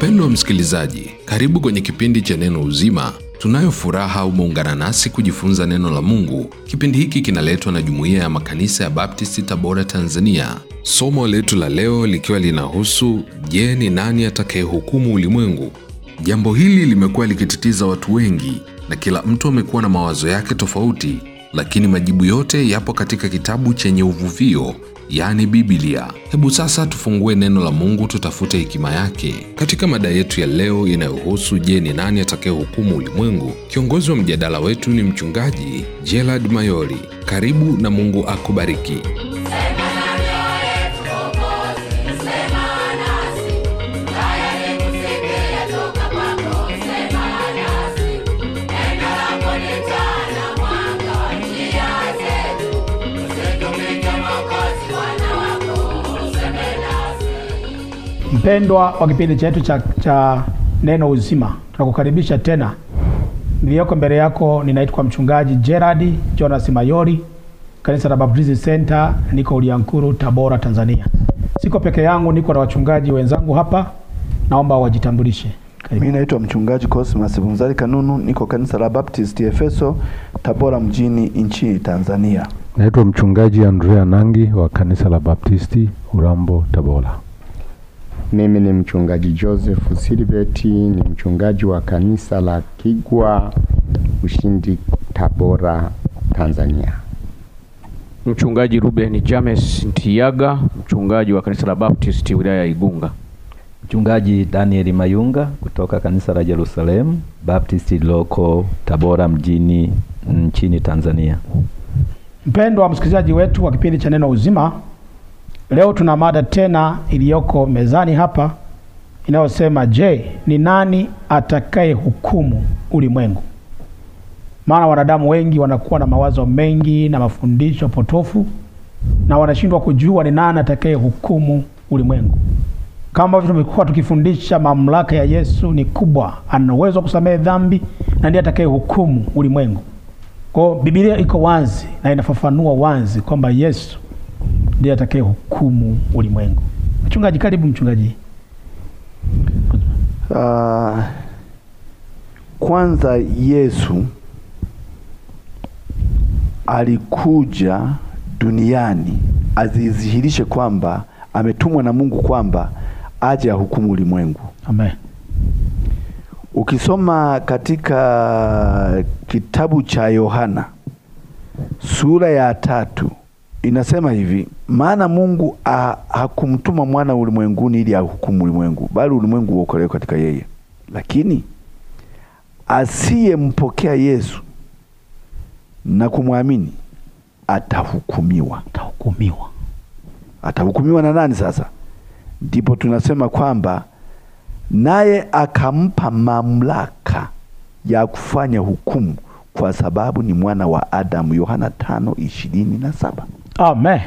Mpendwa msikilizaji, karibu kwenye kipindi cha Neno Uzima. Tunayo furaha umeungana nasi kujifunza neno la Mungu. Kipindi hiki kinaletwa na Jumuiya ya Makanisa ya Baptisti, Tabora, Tanzania. Somo letu la leo likiwa linahusu je, ni nani atakayehukumu ulimwengu? Jambo hili limekuwa likitatiza watu wengi na kila mtu amekuwa na mawazo yake tofauti lakini majibu yote yapo katika kitabu chenye uvuvio, yaani Biblia. Hebu sasa tufungue neno la Mungu, tutafute hekima yake katika mada yetu ya leo inayohusu je, ni nani atakayehukumu ulimwengu? Kiongozi wa mjadala wetu ni mchungaji Gerald Mayori. Karibu na Mungu akubariki. Mpendwa wa kipindi chetu cha, cha neno uzima, tunakukaribisha tena. Niliyoko mbele yako ninaitwa mchungaji Gerard Jonas Mayori, kanisa la Baptist Center, niko Uliankuru, Tabora, Tanzania. Siko peke yangu, niko na wachungaji wenzangu hapa, naomba wajitambulishe. Mimi naitwa mchungaji Cosmas Bunzali Kanunu, niko kanisa la Baptist Efeso, Tabora mjini, nchini Tanzania. Naitwa mchungaji Andrea Nangi wa kanisa la Baptisti Urambo, Tabora. Mimi ni mchungaji Joseph silibeti ni mchungaji wa kanisa la Kigwa Ushindi, Tabora, Tanzania. Mchungaji Ruben James Ntiyaga, mchungaji wa kanisa la Baptist wilaya ya Igunga. Mchungaji Daniel Mayunga kutoka kanisa la Jerusalem Baptist loko Tabora mjini nchini Tanzania. Mpendwa msikilizaji wetu wa kipindi cha Neno Uzima Leo tuna mada tena iliyoko mezani hapa inayosema, je, ni nani atakaye hukumu ulimwengu? Maana wanadamu wengi wanakuwa na mawazo mengi na mafundisho potofu na wanashindwa kujua ni nani atakaye hukumu ulimwengu. Kama ambavyo tumekuwa tukifundisha, mamlaka ya Yesu ni kubwa, ana uwezo wa kusamehe dhambi na ndiye atakaye hukumu ulimwengu. Kwa Biblia iko wazi na inafafanua wazi kwamba Yesu ndiye atakaye hukumu ulimwengu. Mchungaji, karibu mchungaji. Uh, kwanza Yesu alikuja duniani azizihirishe kwamba ametumwa na Mungu kwamba aje ahukumu ulimwengu. Amen. Ukisoma katika kitabu cha Yohana sura ya tatu inasema hivi, maana Mungu ah, hakumtuma mwana ulimwenguni ili ahukumu ulimwengu, bali ulimwengu uokolewe katika yeye. Lakini asiyempokea Yesu na kumwamini atahukumiwa. Atahukumiwa, atahukumiwa na nani? Sasa ndipo tunasema kwamba naye akampa mamlaka ya kufanya hukumu, kwa sababu ni mwana wa Adamu, Yohana tano ishirini na saba. Amen.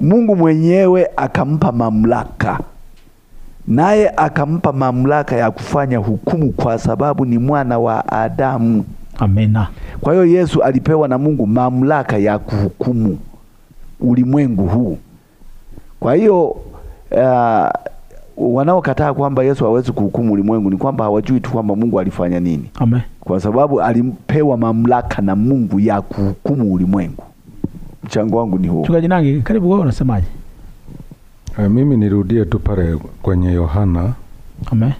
Mungu mwenyewe akampa mamlaka, naye akampa mamlaka ya kufanya hukumu, kwa sababu ni mwana wa Adamu. Amena. Kwa hiyo Yesu alipewa na Mungu mamlaka ya kuhukumu ulimwengu huu. Kwa hiyo uh, wanaokataa kwamba Yesu hawezi kuhukumu ulimwengu ni kwamba hawajui tu kwamba Mungu alifanya nini. Amen. Kwa sababu alipewa mamlaka na Mungu ya kuhukumu ulimwengu mchango wangu ni huo. Mchungaji Nangi, karibu wewe, unasemaje? Uh, mimi nirudie tu pale kwenye Yohana Amen.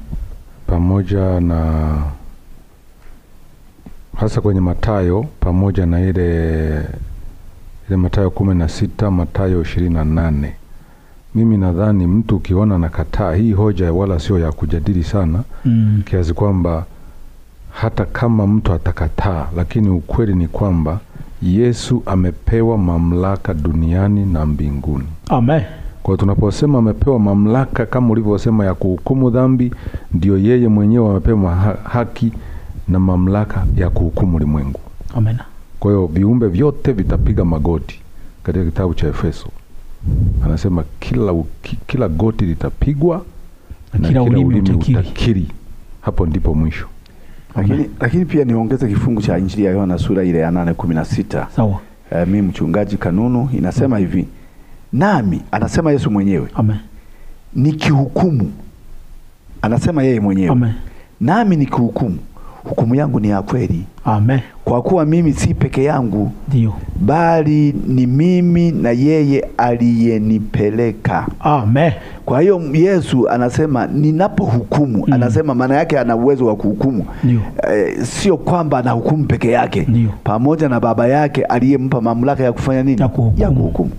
pamoja na hasa kwenye Matayo pamoja na ile ile Matayo kumi na sita Matayo ishirini na nane mimi nadhani mtu ukiona nakataa hii hoja wala sio ya kujadili sana mm. kiasi kwamba hata kama mtu atakataa, lakini ukweli ni kwamba Yesu amepewa mamlaka duniani na mbinguni. Amen. Kwa tunaposema amepewa mamlaka kama ulivyosema ya kuhukumu dhambi, ndio yeye mwenyewe amepewa ha haki na mamlaka ya kuhukumu ulimwengu. Amen. Kwa hiyo viumbe vyote vitapiga magoti. Katika kitabu cha Efeso anasema kila, uki, kila goti litapigwa na kila ulimi utakiri. Hapo ndipo mwisho. Lakini, lakini pia niongeze kifungu cha Injili ya Yohana sura ile ya 8:16. Sawa. E, eh, mi mchungaji kanunu inasema mm. hivi nami anasema Yesu mwenyewe Amen. Nikihukumu anasema yeye mwenyewe Amen. Nami nikihukumu hukumu yangu ni ya kweli. Amen. Kwa kuwa mimi si peke yangu. Ndio. Bali ni mimi na yeye aliyenipeleka. Amen. Kwa hiyo Yesu anasema ninapohukumu, mm. anasema maana yake ana uwezo wa kuhukumu. E, sio kwamba anahukumu peke yake. Ndio. Pamoja na baba yake aliyempa mamlaka ya kufanya nini? Ya kuhukumu. Ya kuhukumu.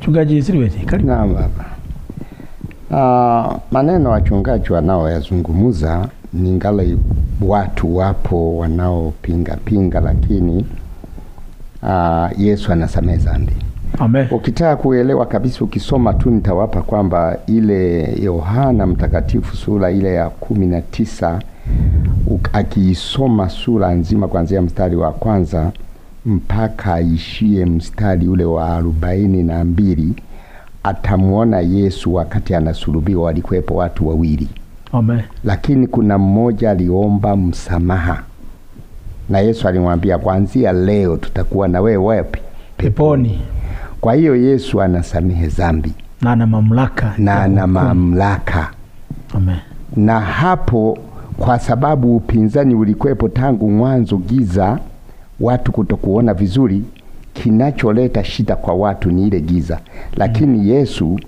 Mchungaji karibu. Naam baba. Uh, maneno wachungaji wanaoyazungumza ningala watu wapo wanaopinga pinga, lakini aa, ah, Yesu anasamehe dhambi. Amen. Ukitaka kuelewa kabisa, ukisoma tu nitawapa kwamba ile Yohana Mtakatifu sura ile ya kumi na tisa akiisoma sura nzima kuanzia mstari wa kwanza mpaka aishie mstari ule wa arobaini na mbili atamuona Yesu wakati anasulubiwa, walikuwepo watu wawili Amen. Lakini kuna mmoja aliomba msamaha na Yesu alimwambia kuanzia leo tutakuwa na wewe wapi? Peponi. Kwa hiyo Yesu anasamehe dhambi na ana mamlaka, na ana mamlaka. Amen. Na hapo kwa sababu upinzani ulikwepo tangu mwanzo, giza, watu kutokuona vizuri, kinacholeta shida kwa watu ni ile giza, lakini mm. Yesu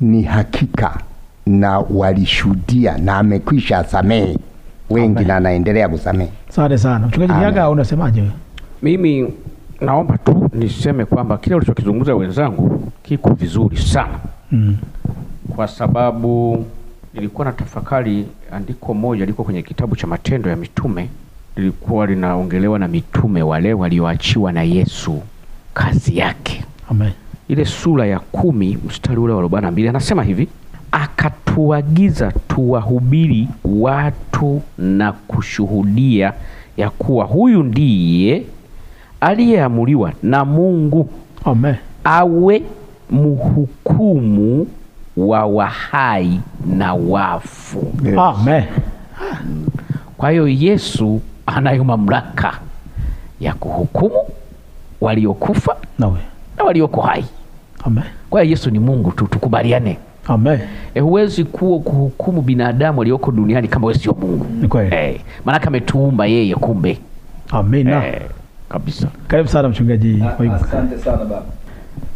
ni hakika na walishuhudia na amekwisha samehe wengi Amen. na anaendelea kusamehe. Asante sana mchungaji Kiaga, unasemaje? Mimi naomba tu niseme kwamba kile ulichokizungumza wenzangu kiko vizuri sana mm. kwa sababu nilikuwa na tafakari andiko moja liko kwenye kitabu cha Matendo ya Mitume, lilikuwa linaongelewa na mitume wale walioachiwa na Yesu kazi yake Amen. ile sura ya kumi mstari ule wa arobaini na mbili anasema hivi akatuagiza tuwahubiri watu na kushuhudia ya kuwa huyu ndiye aliyeamuliwa na Mungu Amen. awe mhukumu wa wahai na wafu yes. Amen. Kwa hiyo Yesu anayo mamlaka ya kuhukumu waliokufa na walioko hai. Amen. Kwa hiyo Yesu ni Mungu tu, tukubaliane. Amen. Eh, huwezi kuwa kuhukumu binadamu aliyoko duniani kama wewe sio Mungu. Ni kweli. Eh, maana ametuumba yeye kumbe. Amen. Eh, kabisa. Karibu sana mchungaji. Asante sana baba.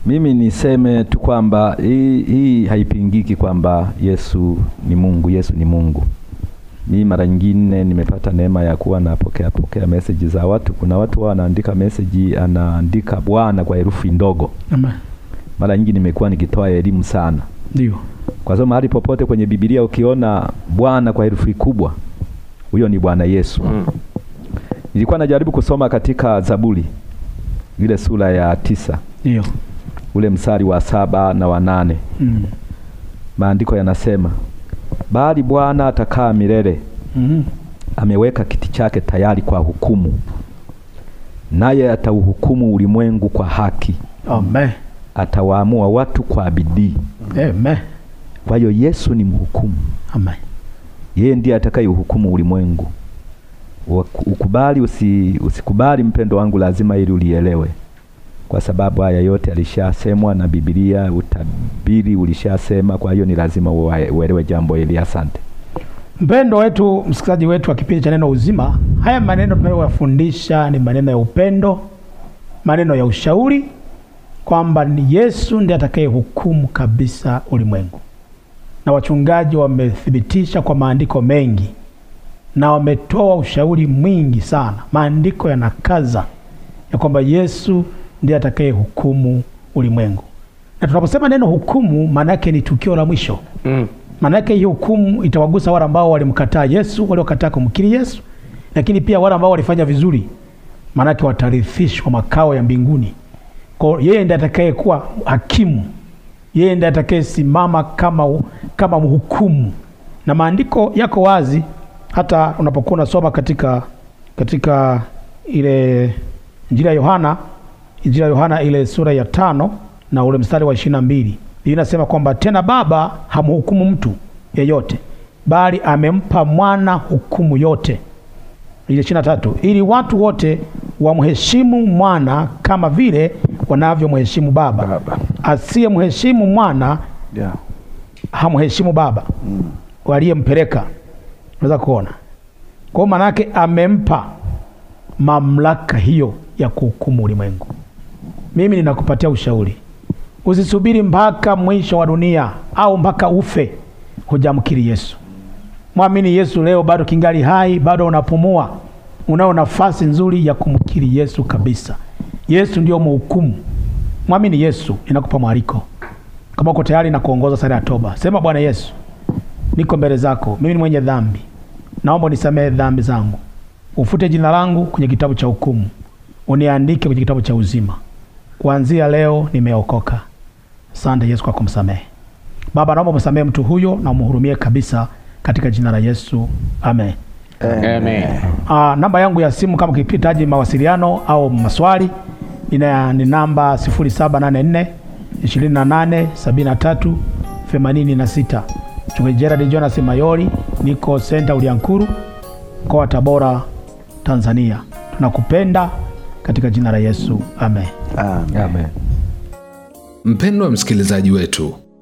Mimi niseme tu kwamba hii, hii haipingiki kwamba Yesu ni Mungu. Yesu ni Mungu. Mimi mara nyingine nimepata neema ya kuwa napokea pokea message za watu. Kuna watu wao wanaandika message, anaandika Bwana kwa herufi ndogo. Amen. Mara nyingi nimekuwa nikitoa elimu sana ndio. Kwa sababu mahali popote kwenye Biblia ukiona Bwana kwa herufi kubwa, huyo ni Bwana Yesu. Mm. Nilikuwa najaribu kusoma katika Zaburi ile sura ya tisa. Ndio. Ule msari wa saba na wa nane. Mm. Maandiko yanasema bali Bwana atakaa milele. Mm. Ameweka kiti chake tayari kwa hukumu, naye atauhukumu ulimwengu kwa haki. Amen atawaamua watu kwa bidii. Amen. Kwa hiyo Yesu ni mhukumu. Amen. Yeye ndiye atakayehukumu ulimwengu. Ukubali usi, usikubali, mpendo wangu, lazima ili ulielewe, kwa sababu haya yote alishasemwa na Biblia, utabiri ulishasema. Kwa hiyo ni lazima uelewe jambo hili. Asante mpendo wetu, msikilizaji wetu wa kipindi cha Neno Uzima. Haya maneno tunayoyafundisha ni maneno ya upendo, maneno ya ushauri kwamba ni Yesu ndiye atakayehukumu kabisa ulimwengu, na wachungaji wamethibitisha kwa maandiko mengi na wametoa ushauri mwingi sana. Maandiko yanakaza ya kwamba Yesu ndiye atakayehukumu ulimwengu, na tunaposema neno hukumu, maana yake ni tukio la mwisho mm. Maana yake hii hukumu itawagusa wale ambao walimkataa Yesu, waliokataa kumkiri Yesu, lakini pia wale ambao walifanya vizuri, maana yake watarithishwa makao ya mbinguni. Kwa yeye ndiye atakayekuwa hakimu, yeye ndiye atakayesimama kama, kama mhukumu, na maandiko yako wazi hata unapokuwa unasoma katika, katika ile Injili ya Yohana, Injili ya Yohana ile sura ya tano na ule mstari wa ishirini na mbili inasema kwamba tena Baba hamhukumu mtu yeyote, bali amempa mwana hukumu yote. Ile ishirini na tatu ili watu wote wamheshimu mwana kama vile wanavyomheshimu baba, baba. mheshimu mwana yeah. hamheshimu baba mm. waliyempeleka. Unaweza kuona kwa yake, amempa mamlaka hiyo ya kuhukumu ulimwengu. Mimi ninakupatia ushauri, usisubiri mpaka mwisho wa dunia au mpaka ufe hujamkiri Yesu. Mwamini Yesu leo, bado kingali hai, bado unapumua, unao nafasi nzuri ya kumkiri Yesu kabisa. Yesu ndio mhukumu. Mwamini Yesu, inakupa mwaliko. Kama uko tayari na kuongoza sala ya toba, sema: Bwana Yesu, niko mbele zako, mimi ni mwenye dhambi, naomba unisamehe dhambi zangu, ufute jina langu kwenye kitabu cha hukumu, uniandike kwenye kitabu cha uzima. Kuanzia leo nimeokoka. Asante Yesu kwa kumsamehe. Baba, naomba msamehe mtu huyo na umhurumie kabisa, katika jina la Yesu, amen. Amen. Ah, namba yangu ya simu kama ukihitaji mawasiliano au maswali ina ni namba 0784 28 73 86. Gerard Jonas Mayori, niko senta Uliankuru, mkoa Tabora, Tanzania. Tunakupenda katika jina la Yesu. Amen. Amen. Amen. Mpendwa msikilizaji wetu